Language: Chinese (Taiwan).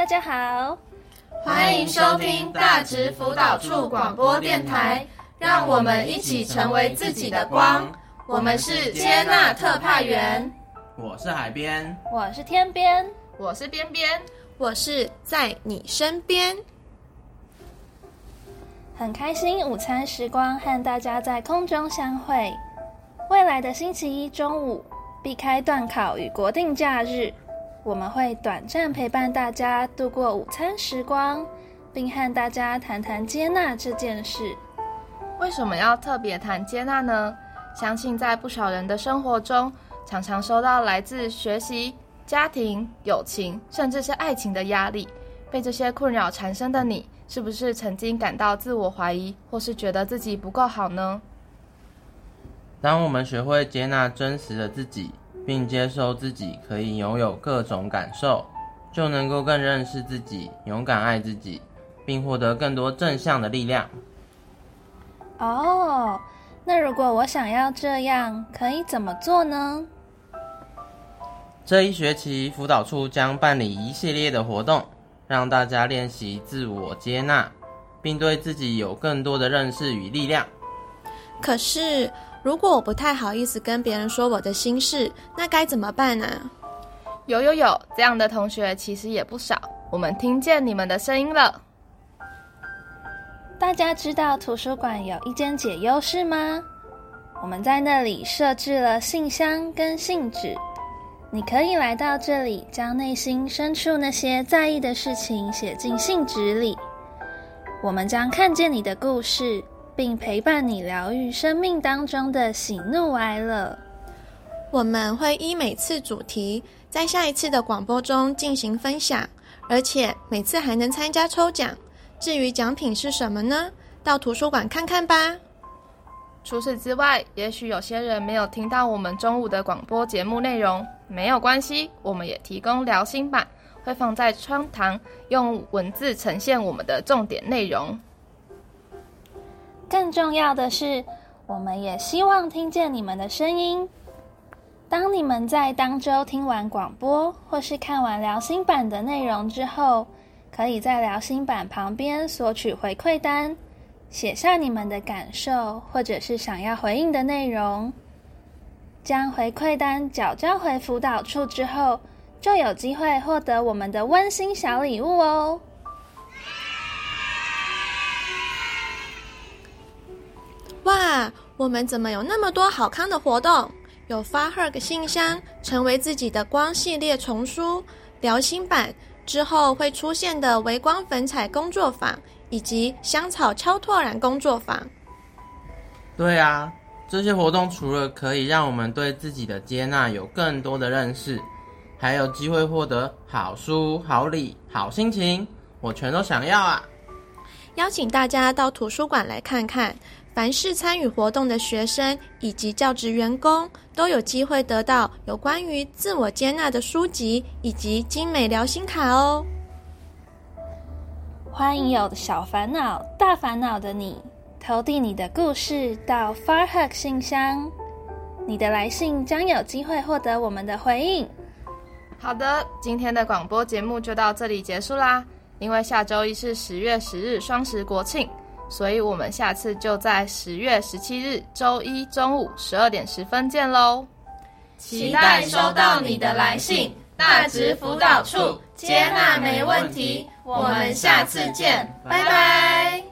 大家好，歡迎收聽大直輔導處廣播電台。讓我們一起成為自己的光。我們是接納特派員，我是海邊，我是天邊，我是邊邊，我是在你身邊。很開心午餐時光和大家在空中相會。未來的星期一中午，避開段考與國定假日，我們會短暫陪伴大家度過午餐時光，並和大家談談接納這件事。為什麼要特別談接納呢？相信在不少人的生活中，常常收到來自學習、家庭、友情，甚至是愛情的壓力，被這些困擾纏身的你，是不是曾經感到自我懷疑，或是覺得自己不夠好呢？當我們學會接納真實的自己。並接受自己可以擁有各種感受，就能夠更認識自己，勇敢愛自己，並獲得更多正向的力量。哦，那如果我想要這樣，可以怎麼做呢？這一學期輔導處將辦理一系列的活動，讓大家練習自我接納，並對自己有更多的認識與力量。可是。如果我不太好意思跟別人說我的心事，那該怎麼辦呢？有有有，這樣的同學其實也不少，我們聽見你們的聲音了。大家知道圖書館有一間解憂室嗎？我們在那裡設置了信箱跟信紙，你可以來到這裡，將內心深處那些在意的事情寫進信紙裡，我們將看見你的故事。並陪伴你療癒生命當中的喜怒哀樂。我們會依每次主題，在下一次的廣播中進行分享，而且每次還能參加抽獎。至於獎品是什麼呢？到圖書館看看吧。除此之外，也許有些人沒有聽到我們中午的廣播節目內容，沒有關係，我們也提供聊心版，會放在窗堂，用文字呈現我們的重點內容。更重要的是，我們也希望聽見你們的聲音。當你們在當周聽完廣播或是看完聊心版的內容之後，可以在聊心版旁邊索取回饋單，寫下你們的感受或者是想要回應的內容。將回饋單繳交回輔導處之後，就有機會獲得我們的溫馨小禮物哦。哇，我們怎麼有那麼多好康的活動？有 Far Hug 信箱、成為自己的光系列叢書、聊心版、之後會出現的微光粉彩工作坊，以及香草超拓染工作坊。對啊，這些活動除了可以讓我們對自己的接納有更多的認識，還有機會獲得好書、好禮、好心情，我全都想要啊！邀請大家到圖書館來看看。凡是參與活動的學生以及教職員工都有機會得到有關於自我接納的書籍以及精美療心卡哦。歡迎有小煩惱、大煩惱的你，投遞你的故事到 Far Hug 信箱，你的來信將有機會獲得我們的回應。好的，今天的廣播節目就到這裡結束啦，因為下周一是十月十日，雙十國慶。所以，我們下次就在十月十七日週一中午十二點十分見嘍。期待收到你的來信。大直輔導處接納沒問題，我們下次見，拜拜。拜拜。